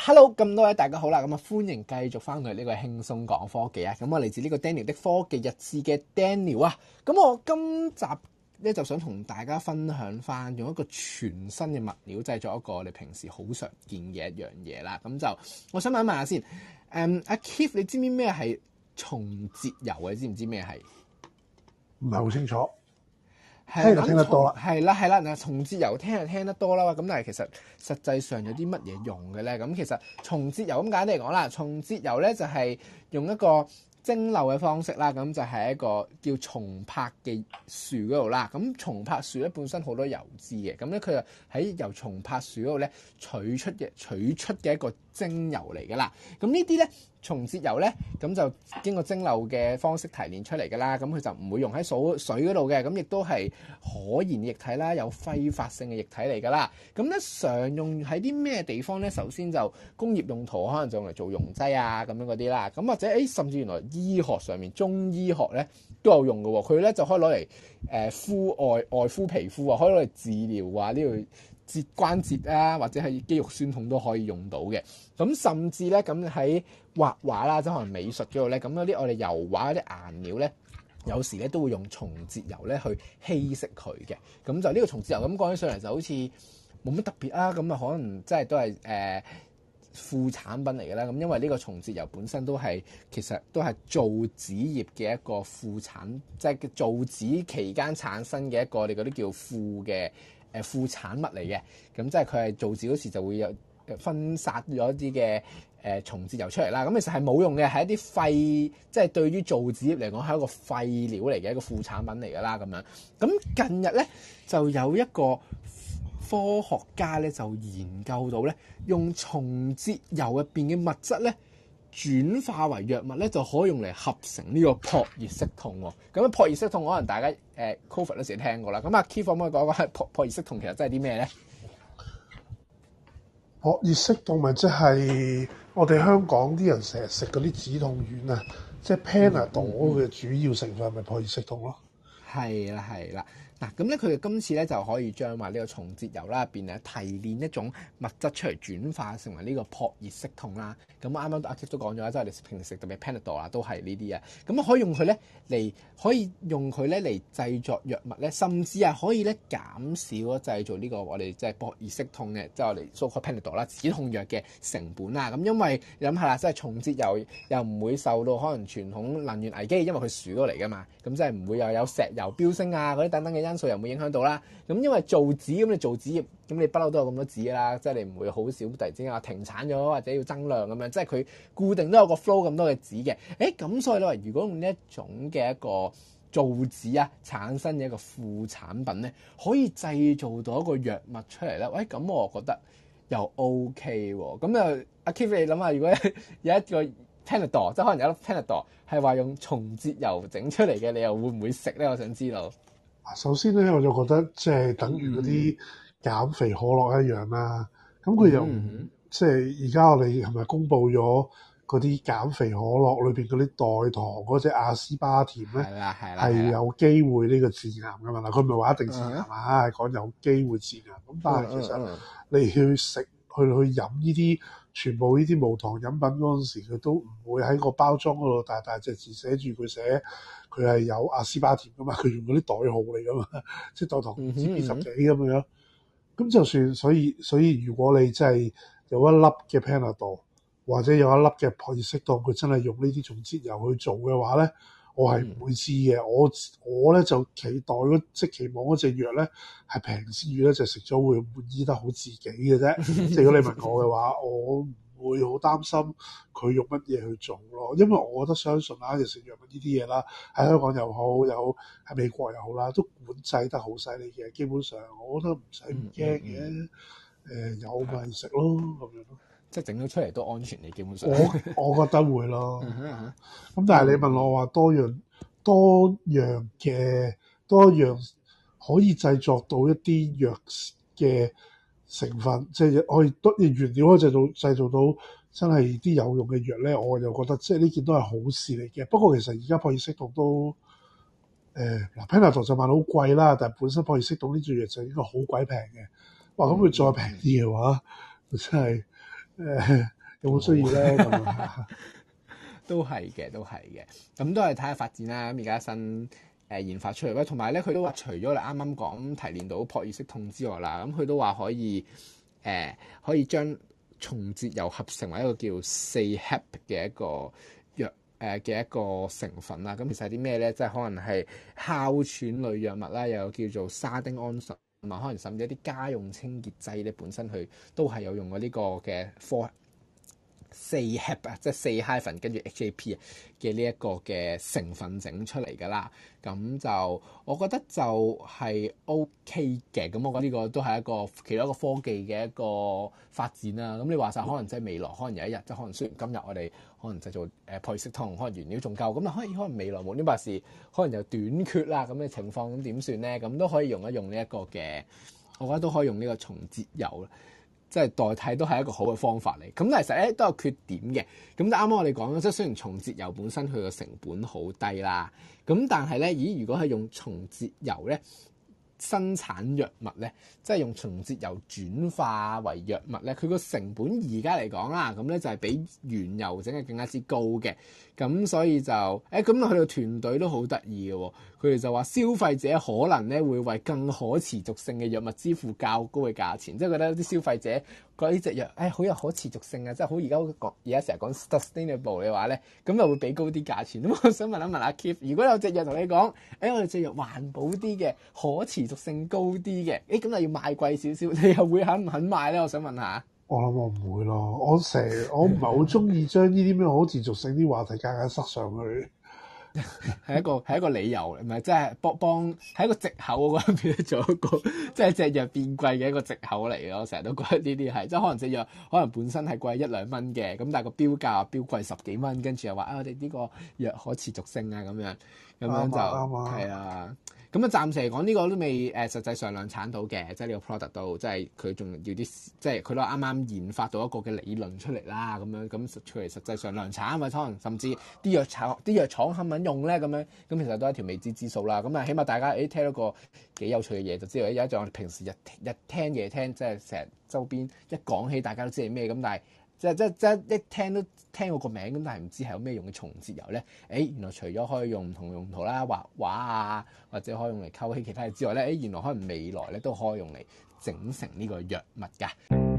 hello，咁多位大家好啦，咁啊歡迎繼續翻去呢個輕鬆講科技啊，咁我嚟自呢個 Daniel 的科技日誌嘅 Daniel 啊，咁我今集呢，就想同大家分享翻用一個全新嘅物料製作一個你平時好常見嘅一樣嘢啦，咁就我想問，一問一下先，誒、um, 阿 Keith，你知唔知咩係松節油啊？你知唔知咩係？唔係好清楚。係咁聽,聽得多啦，係啦係啦，嗱松節油聽就聽得多啦。咁但係其實實際上有啲乜嘢用嘅咧？咁其實松節油咁簡單嚟講啦，松節油咧就係、是、用一個蒸餾嘅方式啦。咁就係一個叫松柏嘅樹嗰度啦。咁松柏樹咧本身好多油脂嘅，咁咧佢就喺由松柏樹嗰度咧取出嘅取出嘅一個。精油嚟噶啦，咁呢啲咧，松節油咧，咁就經過蒸餾嘅方式提煉出嚟噶啦，咁佢就唔會用喺水水嗰度嘅，咁亦都係可燃液體啦，有揮發性嘅液體嚟噶啦，咁咧常用喺啲咩地方咧？首先就工業用途，可能就用嚟做溶劑啊，咁樣嗰啲啦，咁或者誒，甚至原來醫學上面，中醫學咧都有用嘅喎，佢咧就可以攞嚟誒敷外外敷皮膚啊，可以攞嚟治療啊呢度。節關節啊，或者係肌肉酸痛都可以用到嘅。咁甚至咧，咁喺畫畫啦，即可能美術嗰度咧，咁嗰啲我哋油畫嗰啲顏料咧，有時咧都會用松節油咧去稀釋佢嘅。咁就呢個松節油咁講起上嚟就好似冇乜特別啊。咁啊，可能即係都係誒副產品嚟嘅啦。咁因為呢個松節油本身都係其實都係造紙業嘅一個副產，即係造紙期間產生嘅一個我哋嗰啲叫副嘅。誒副產物嚟嘅，咁即係佢係造紙嗰時就會有分殺咗啲嘅誒松節油出嚟啦，咁其實係冇用嘅，係一啲廢，即係對於造紙業嚟講係一個廢料嚟嘅一個副產品嚟㗎啦，咁樣。咁近日咧就有一個科學家咧就研究到咧，用松節油入邊嘅物質咧。轉化為藥物咧，就可以用嚟合成呢個撲熱息痛喎。咁樣撲熱息痛可能大家誒 COVID 嗰時聽過啦。咁啊 Kiefer 可唔可以講講係撲撲熱息痛其實真係啲咩咧？撲熱息痛咪即係我哋香港啲人成日食嗰啲止痛丸啊，即係 Panadol 嘅主要成分咪撲熱息痛咯。嗯嗯嗯。係啦，係啦，嗱咁咧，佢哋今次咧就可以將話呢個松節油啦，入邊咧提煉一種物質出嚟，轉化成為呢個撲熱息痛啦。咁啱啱阿 k 都講咗啦，即係我哋平時食特別 Panadol 啊，都係呢啲啊。咁可以用佢咧嚟，可以用佢咧嚟製作藥物咧，甚至係可以咧減少咗製造呢個我哋即係撲熱息痛嘅，即係我哋所謂 Panadol 啦，止痛藥嘅成本啦。咁因為你諗下啦，即係松節油又唔會受到可能傳統能源危機，因為佢樹多嚟㗎嘛。咁即係唔會又有石由飆升啊嗰啲等等嘅因素又會影響到啦。咁因為造紙咁你造紙，咁你，你不嬲都有咁多紙啦。即係你唔會好少突然之間停產咗，或者要增量咁樣。即係佢固定都有個 flow 咁多嘅紙嘅。誒、欸、咁所以你話如果用呢一種嘅一個造紙啊產生嘅一個副產品咧，可以製造到一個藥物出嚟咧？喂、欸，咁我覺得又 OK 喎、啊。咁又阿 Kiki 你諗下，如果有一個？Panadol 即係可能有粒 Panadol 係話用松節油整出嚟嘅，你又會唔會食咧？我想知道。首先咧，我就覺得即係等於嗰啲減肥可樂一樣啦、啊。咁佢又嗯嗯嗯即係而家我哋係咪公佈咗嗰啲減肥可樂裏邊嗰啲代糖嗰隻阿斯巴甜咧？係啦，係啦，係有機會呢個致癌㗎嘛？嗱，佢唔係話一定致癌啊，係講、嗯啊、有機會致癌。咁但係其實你去食去去，去飲呢啲。全部呢啲無糖飲品嗰陣時，佢都唔會喺個包裝嗰度大大隻字寫住佢寫，佢係有阿、啊、斯巴甜㗎嘛，佢用嗰啲代號嚟㗎嘛，即係代糖唔止 B 十幾咁樣。咁就算，所以所以，如果你真係有一粒嘅 Panadol，或者有一粒嘅 Paracetamol，佢真係用呢啲種植油去做嘅話咧。我係唔會知嘅，我我咧就期待即期望嗰隻藥咧係平先，與咧就食咗會滿醫得好自己嘅啫。如果 你問我嘅話，我唔會好擔心佢用乜嘢去做咯，因為我覺得相信啦，尤、就、其是藥物呢啲嘢啦，喺香港又好，又喺美國又好啦，都管制得好犀利嘅。基本上我，我覺得唔使唔驚嘅。誒，有咪食咯咁樣。即係整到出嚟都安全，你基本上我我覺得會咯。咁 但係你問我話多樣多樣嘅多樣可以製作到一啲藥嘅成分，即係可以多啲原料可以製造製造到真係啲有用嘅藥咧。我就覺得即係呢件都係好事嚟嘅。不過其實而家撲熱息痛都誒嗱 Panadol 就賣好貴啦。但係本身撲熱息痛呢種藥就應該好鬼平嘅。哇，咁會再平啲嘅話，嗯、真係～誒有冇需要咧、嗯 都係嘅，都係嘅。咁都係睇下發展啦。咁而家新誒研發出嚟，咁同埋咧，佢都話除咗你啱啱講提煉到撲熱息痛之外啦，咁佢都話可以誒、呃、可以將重節油合成為一個叫四 hap 嘅一個藥誒嘅、呃、一個成分啦。咁其實係啲咩咧？即係可能係哮喘類藥物啦，有叫做沙丁胺咁啊，可能甚至一啲家用清潔劑咧，本身佢都係有用過呢個嘅科。四 HAP 啊，即係四 hyphen 跟住 HAP 嘅呢一個嘅成分整出嚟噶啦，咁就我覺得就係 OK 嘅。咁我覺得呢個都係一個其中一個科技嘅一個發展啦，啊。咁你話晒，可能即係未來，可能有一日即係可能雖然今日我哋可能就做誒配色湯，可能原料仲夠，咁啊，可能可能未來冇呢回事，可能就短缺啦咁嘅情況，咁點算咧？咁都可以用一用呢一個嘅，我覺得都可以用呢個重節油。即係代替都係一個好嘅方法嚟，咁但係其實咧都有缺點嘅。咁就啱啱我哋講咗，即係雖然松節油本身佢個成本好低啦，咁但係咧，咦？如果係用松節油咧，生產藥物咧，即係用重質油轉化為藥物咧，佢個成本而家嚟講啦，咁咧就係比原油整嘅更加之高嘅，咁所以就，誒、欸，咁佢哋個團隊都好得意嘅喎，佢哋就話消費者可能咧會為更可持續性嘅藥物支付較高嘅價錢，即係覺得啲消費者。嗰啲隻藥，好有可持續性啊。即係好而家講而家成日講 sustainable 嘅話咧，咁又會俾高啲價錢。咁 我想問一問阿、啊、Keep，如果有隻藥同你講，誒、哎、我哋隻藥環保啲嘅，可持續性高啲嘅，誒咁又要賣貴少少，你又會肯唔肯買咧？我想問下。我諗我唔會咯，我成我唔係好中意將呢啲咩可持續性啲話題夾硬塞上去。係 一個係一個理由，唔係即係搏幫，係一個借口，我覺得變咗做一個即係隻藥變貴嘅一個借口嚟嘅。我成日都覺得呢啲係，即係可能隻藥可能本身係貴一兩蚊嘅，咁但係個標價標貴十幾蚊，跟住又話啊，我哋呢個藥可持續性啊咁樣，咁樣就係啊。咁啊，暫時嚟講呢個都未誒，實際上量產到嘅，即係呢個 product 到，即係佢仲要啲，即係佢都啱啱研發到一個嘅理論出嚟啦。咁樣咁，除咗實際上量產啊，可能甚至啲藥廠啲藥廠肯唔肯用咧？咁樣咁其實都係一條未知之數啦。咁啊，起碼大家誒、欸、聽到一個幾有趣嘅嘢就知道，有一種我哋平時日日，日聽夜聽，即係成日周邊一講起大家都知係咩咁，但係。即係即即一聽都聽過個名咁，但係唔知係有咩用嘅松節油咧？誒、欸，原來除咗可以用唔同用途啦，畫畫啊，或者可以用嚟溝起其他嘢之外咧，誒、欸，原來可能未來咧都可以用嚟整成呢個藥物㗎。